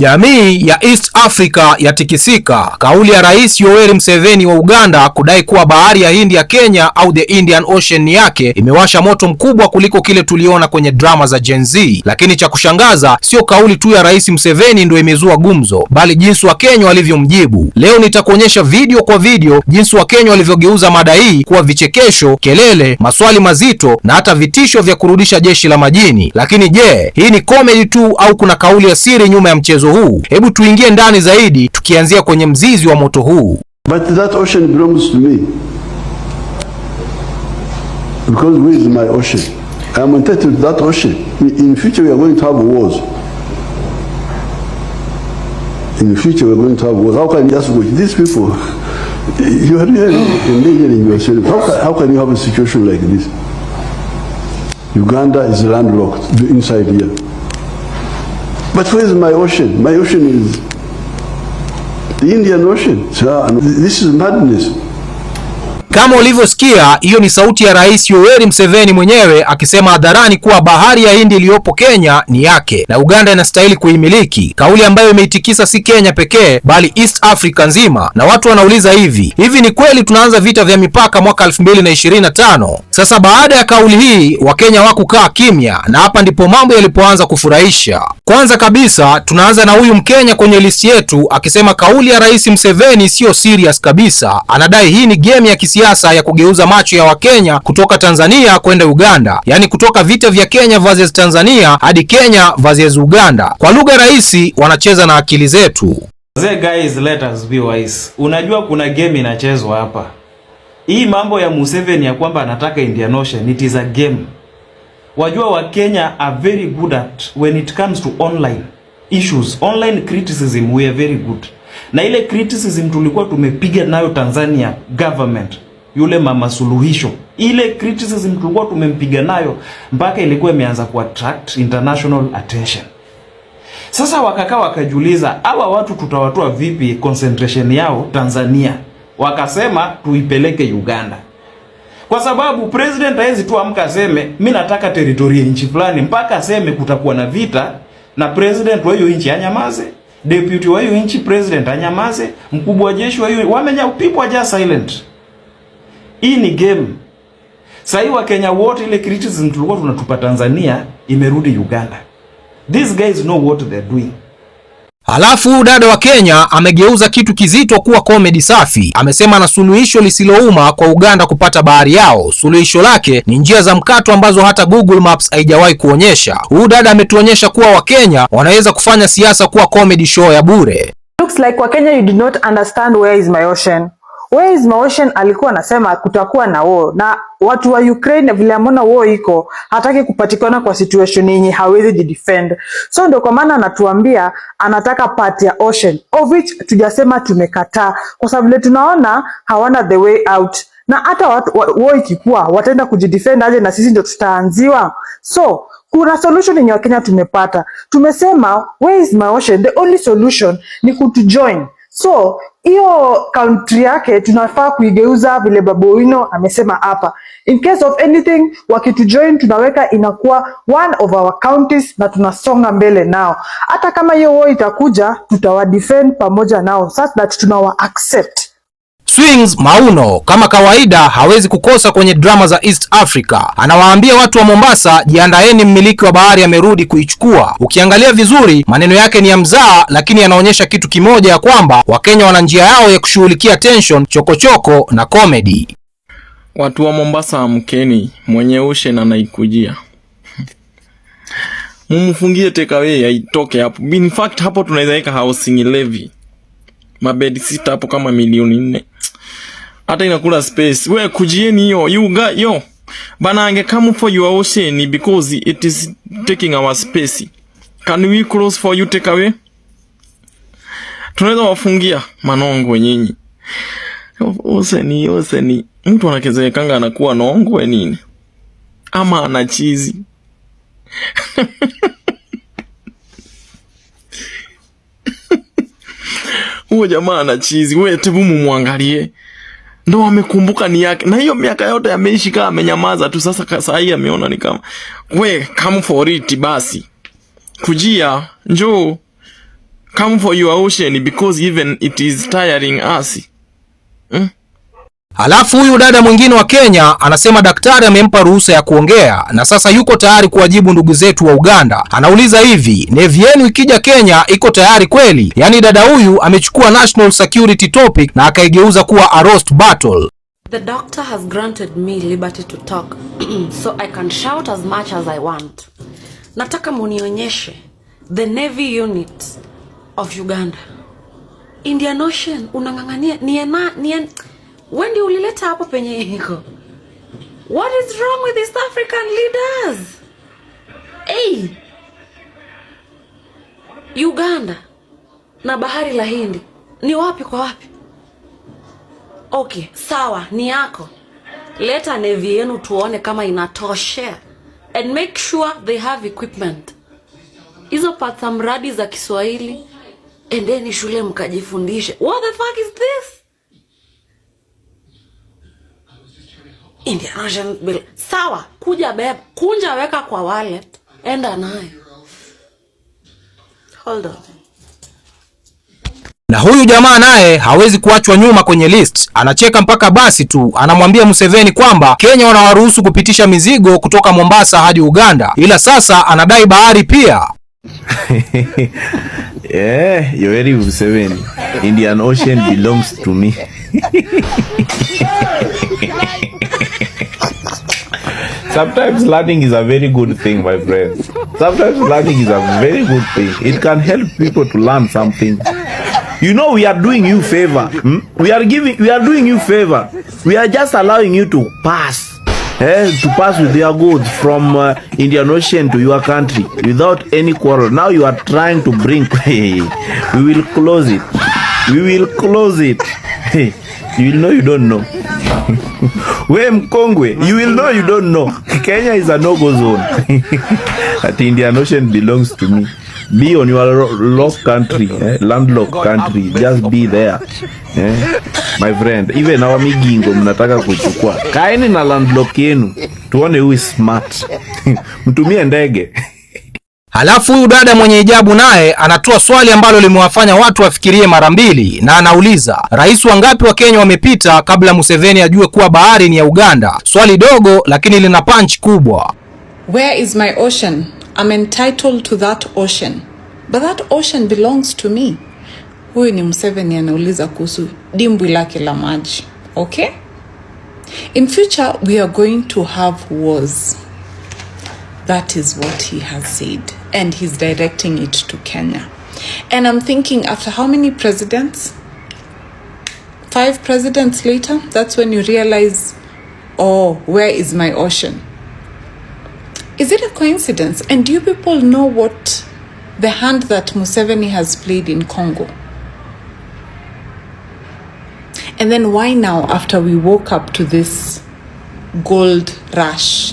Jamii ya East Africa yatikisika. Kauli ya Rais Yoweri Museveni wa Uganda kudai kuwa bahari ya Hindi ya Kenya au the Indian Ocean ni yake imewasha moto mkubwa kuliko kile tuliona kwenye drama za Gen Z. Lakini cha kushangaza, sio kauli tu ya Rais Museveni ndio imezua gumzo, bali jinsi Wakenya walivyomjibu. Leo nitakuonyesha video kwa video jinsi Wakenya walivyogeuza mada hii kuwa vichekesho, kelele, maswali mazito na hata vitisho vya kurudisha jeshi la majini. Lakini je, hii ni comedy tu au kuna kauli ya siri nyuma ya mchezo? moto huu. Hebu tuingie ndani zaidi, tukianzia kwenye mzizi wa moto huu. But that ocean belongs to me. Because we is my ocean? I am entitled to that ocean. In future we are going to have wars. In future we are going to have wars. How can you just watch these people? You are really endangering yourself. How can, how can you have a situation like this? Uganda is landlocked inside here. But where is my ocean? My ocean is the Indian Ocean. So this is madness. Kama ulivyosikia, hiyo ni sauti ya Rais Yoweri Museveni mwenyewe akisema hadharani kuwa bahari ya Hindi iliyopo Kenya ni yake na Uganda inastahili kuimiliki, kauli ambayo imeitikisa si Kenya pekee bali East Africa nzima. Na watu wanauliza hivi hivi, ni kweli tunaanza vita vya mipaka mwaka 2025? Sasa baada ya kauli hii, Wakenya wakukaa kimya, na hapa ndipo mambo yalipoanza kufurahisha. Kwanza kabisa, tunaanza na huyu Mkenya kwenye listi yetu akisema kauli ya Rais Museveni siyo serious kabisa, anadai hii ni game ya kisi kisiasa ya kugeuza macho ya Wakenya kutoka Tanzania kwenda Uganda, yaani kutoka vita vya Kenya versus Tanzania hadi Kenya versus Uganda. Kwa lugha rahisi, wanacheza na akili zetu. Zee guys, let us be wise. Unajua kuna game inachezwa hapa. Hii mambo ya Museveni ya kwamba anataka Indian Ocean, it is a game. Wajua wa Kenya are very good at when it comes to online issues, online criticism we are very good. Na ile criticism tulikuwa tumepiga nayo Tanzania government yule mama Suluhisho, ile criticism tulikuwa tumempiga nayo mpaka ilikuwa imeanza ku attract international attention. Sasa wakakaa wakajiuliza, hawa watu tutawatoa vipi concentration yao Tanzania? Wakasema tuipeleke Uganda, kwa sababu president hawezi tu amka aseme mimi nataka territory ya nchi fulani, mpaka aseme kutakuwa na vita na president wa hiyo nchi anyamaze, deputy wa hiyo nchi president anyamaze, mkubwa wa jeshi wa hiyo wamenya people are just silent hii ni game. Sasa hii Wakenya wote ile criticism tulikuwa tunatupa Tanzania imerudi Uganda. These guys know what they're doing. Alafu dada wa Kenya amegeuza kitu kizito kuwa komedi safi. Amesema na suluhisho lisilouma kwa Uganda kupata bahari yao. Suluhisho lake ni njia za mkato ambazo hata Google Maps haijawahi kuonyesha. Huu dada ametuonyesha kuwa Wakenya wanaweza kufanya siasa kuwa comedy show ya bure. Looks like Wakenya you did not understand where is my ocean. Ways Motion alikuwa anasema kutakuwa na war na watu wa Ukraine vile amona war iko hataki kupatikana kwa situation yenye hawezi defend. So ndio kwa maana anatuambia anataka part ya ocean of which tujasema tumekataa kwa sababu vile tunaona hawana the way out na hata war ikikuwa wataenda kujidefend aje na sisi ndio tutaanziwa. So kuna solution yenye Wakenya tumepata, tumesema Ways Motion, The only solution ni kutujoin. So hiyo country yake tunafaa kuigeuza vile Babu Owino amesema hapa. In case of anything, wakitujoin tunaweka inakuwa one of our counties na tunasonga mbele nao. Hata kama hiyo wao itakuja, defend pamoja nao, such that tunawa accept Swings Mauno kama kawaida hawezi kukosa kwenye drama za East Africa. Anawaambia watu wa Mombasa, jiandaeni, mmiliki wa bahari amerudi kuichukua. Ukiangalia vizuri, maneno yake ni ya mzaa, lakini yanaonyesha kitu kimoja, ya kwamba Wakenya wana njia yao ya kushughulikia tension, chokochoko -choko na comedy. Watu wa Mombasa amkeni, mwenye ushe na naikujia mumfungie takeaway aitoke hapo. In fact hapo tunaweza weka housing levy mabed sita hapo kama milioni nne hata inakula space. We kujieni hiyo you got yo bana ange come for your ocean because it is taking our space. Can we close for you take away? Tunaweza wafungia manongo nyinyi. Oseni, oseni. Mtu anakezekanga anakuwa we nini? Ama ana chizi. Huyo jamaa ana chizi. Wewe tebu mumwangalie ndo amekumbuka ni yake, na hiyo miaka yote ameishi kama amenyamaza tu. Sasa saa hii ameona ni kama we come for it, basi kujia, njo come for your ocean because even it is tiring us hmm? Halafu huyu dada mwingine wa Kenya anasema daktari amempa ruhusa ya kuongea na sasa yuko tayari kuwajibu ndugu zetu wa Uganda. Anauliza hivi, nevi yenu ikija Kenya iko tayari kweli? Yaani dada huyu amechukua national security topic na akaigeuza kuwa a roast battle. The doctor has granted me liberty to talk so I can shout as much as I want. Nataka munionyeshe the navy unit of Uganda. Indian Ocean unang'ang'ania, ni ni wewe ndio ulileta hapo penye iko. What is wrong with East African leaders? Hey, Uganda na bahari la Hindi ni wapi kwa wapi? Okay, sawa, ni yako. Leta nevi yenu tuone kama inatosha, and make sure they have equipment. Hizo pata mradi za Kiswahili, endeni shule mkajifundishe. What the fuck is this? Indian bill. Sawa, kuja beba, kunja weka kwa wallet, enda nayo. Hold on. Na huyu jamaa naye hawezi kuachwa nyuma kwenye list. Anacheka mpaka basi tu, anamwambia Museveni kwamba Kenya wanawaruhusu kupitisha mizigo kutoka Mombasa hadi Uganda, ila sasa anadai bahari pia. Yeah, Yoweri Museveni. Indian Ocean belongs to me. Sometimes learning is a very good thing, my friend. Sometimes learning is a very good thing. It can help people to learn something. You know, we are doing you favor. Hmm? We are giving, we are doing you favor. We are just allowing you to pass. Eh, to pass with your goods from uh, Indian Ocean to your country without any quarrel. Now you are trying to bring. we will close it. We will close it. you know you don't know we mkongwe, you will know you don't know. Kenya is a no-go zone. at Indian Ocean belongs to me. Be on your lost country, eh? landlocked country. Just be there. Eh? My friend, even hawa migingo mnataka kuchukua. Kaeni na landlock yenu. Tuone who is smart. Mtumie ndege. Halafu huyu dada mwenye hijabu naye anatoa swali ambalo limewafanya watu wafikirie mara mbili, na anauliza rais wangapi wa Kenya wamepita kabla Museveni ajue kuwa bahari ni ya Uganda? Swali dogo lakini lina punch kubwa. Where is my ocean? I'm entitled to that ocean. But that ocean belongs to me. Huyu ni Museveni anauliza kuhusu dimbwi lake la maji. Okay? In future we are going to have wars. That is what he has said. and he's directing it to Kenya. And I'm thinking, after how many presidents? Five presidents later, that's when you realize, oh, where is my ocean? Is it a coincidence? And do you people know what the hand that Museveni has played in Congo? And then why now, after we woke up to this gold rush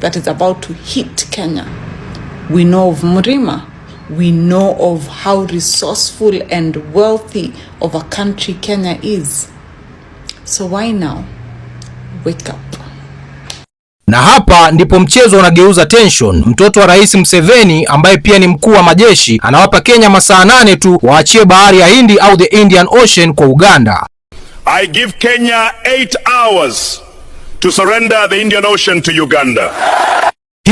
that is about to hit Kenya? We know of Murima. We know of how resourceful and wealthy of a country Kenya is. So why now? Wake up. Na hapa ndipo mchezo unageuza tension. Mtoto wa Rais Museveni ambaye pia ni mkuu wa majeshi anawapa Kenya masaa nane tu waachie bahari ya Hindi au the Indian Ocean kwa Uganda. I give Kenya 8 hours to surrender the Indian Ocean to Uganda.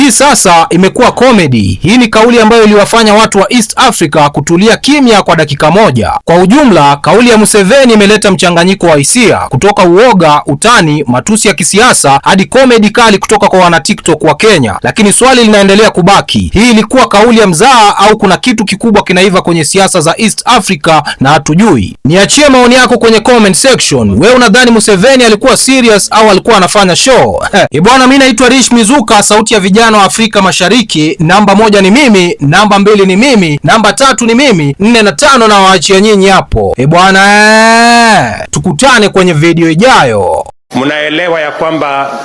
Hii sasa imekuwa comedy. Hii ni kauli ambayo iliwafanya watu wa East Africa kutulia kimya kwa dakika moja. Kwa ujumla, kauli ya Museveni imeleta mchanganyiko wa hisia kutoka uoga, utani, matusi ya kisiasa hadi comedy kali kutoka kwa wana TikTok wa Kenya. Lakini swali linaendelea kubaki, hii ilikuwa kauli ya mzaha au kuna kitu kikubwa kinaiva kwenye siasa za East Africa na hatujui? Niachie maoni yako kwenye comment section. Wewe unadhani Museveni alikuwa serious au alikuwa anafanya show? Ebwana, eh, mimi naitwa Rich Mizuka, sauti ya vijana muungano wa Afrika Mashariki, namba moja ni mimi, namba mbili ni mimi, namba tatu ni mimi, nne na tano na waachia nyinyi hapo. E bwana, tukutane kwenye video ijayo. Mnaelewa ya kwamba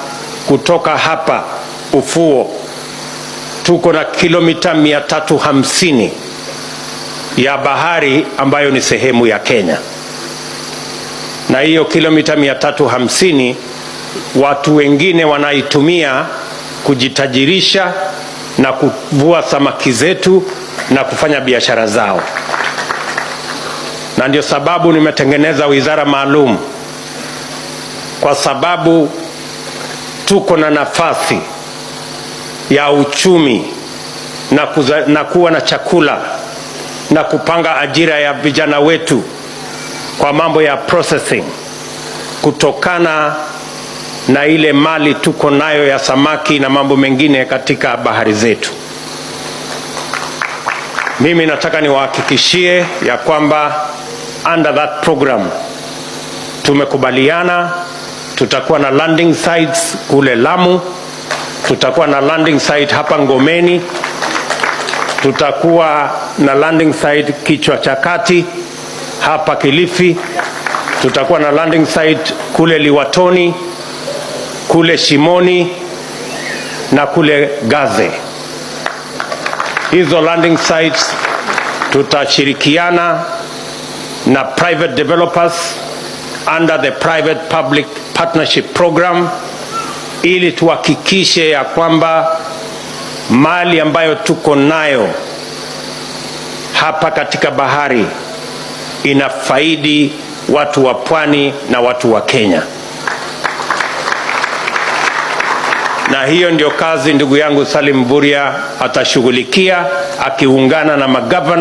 kutoka hapa ufuo tuko na kilomita 350 ya bahari ambayo ni sehemu ya Kenya, na hiyo kilomita 350 watu wengine wanaitumia kujitajirisha na kuvua samaki zetu na kufanya biashara zao, na ndio sababu nimetengeneza wizara maalum, kwa sababu tuko na nafasi ya uchumi na, kuza, na kuwa na chakula na kupanga ajira ya vijana wetu kwa mambo ya processing kutokana na ile mali tuko nayo ya samaki na mambo mengine katika bahari zetu. Mimi nataka niwahakikishie ya kwamba under that program tumekubaliana tutakuwa na landing sites kule Lamu, tutakuwa na landing site hapa Ngomeni, tutakuwa na landing site kichwa cha kati hapa Kilifi, tutakuwa na landing site kule Liwatoni kule Shimoni na kule Gaze. Hizo landing sites tutashirikiana na private developers under the private public partnership program ili tuhakikishe ya kwamba mali ambayo tuko nayo hapa katika bahari inafaidi watu wa pwani na watu wa Kenya. na hiyo ndio kazi ndugu yangu Salim buria atashughulikia akiungana na magavana.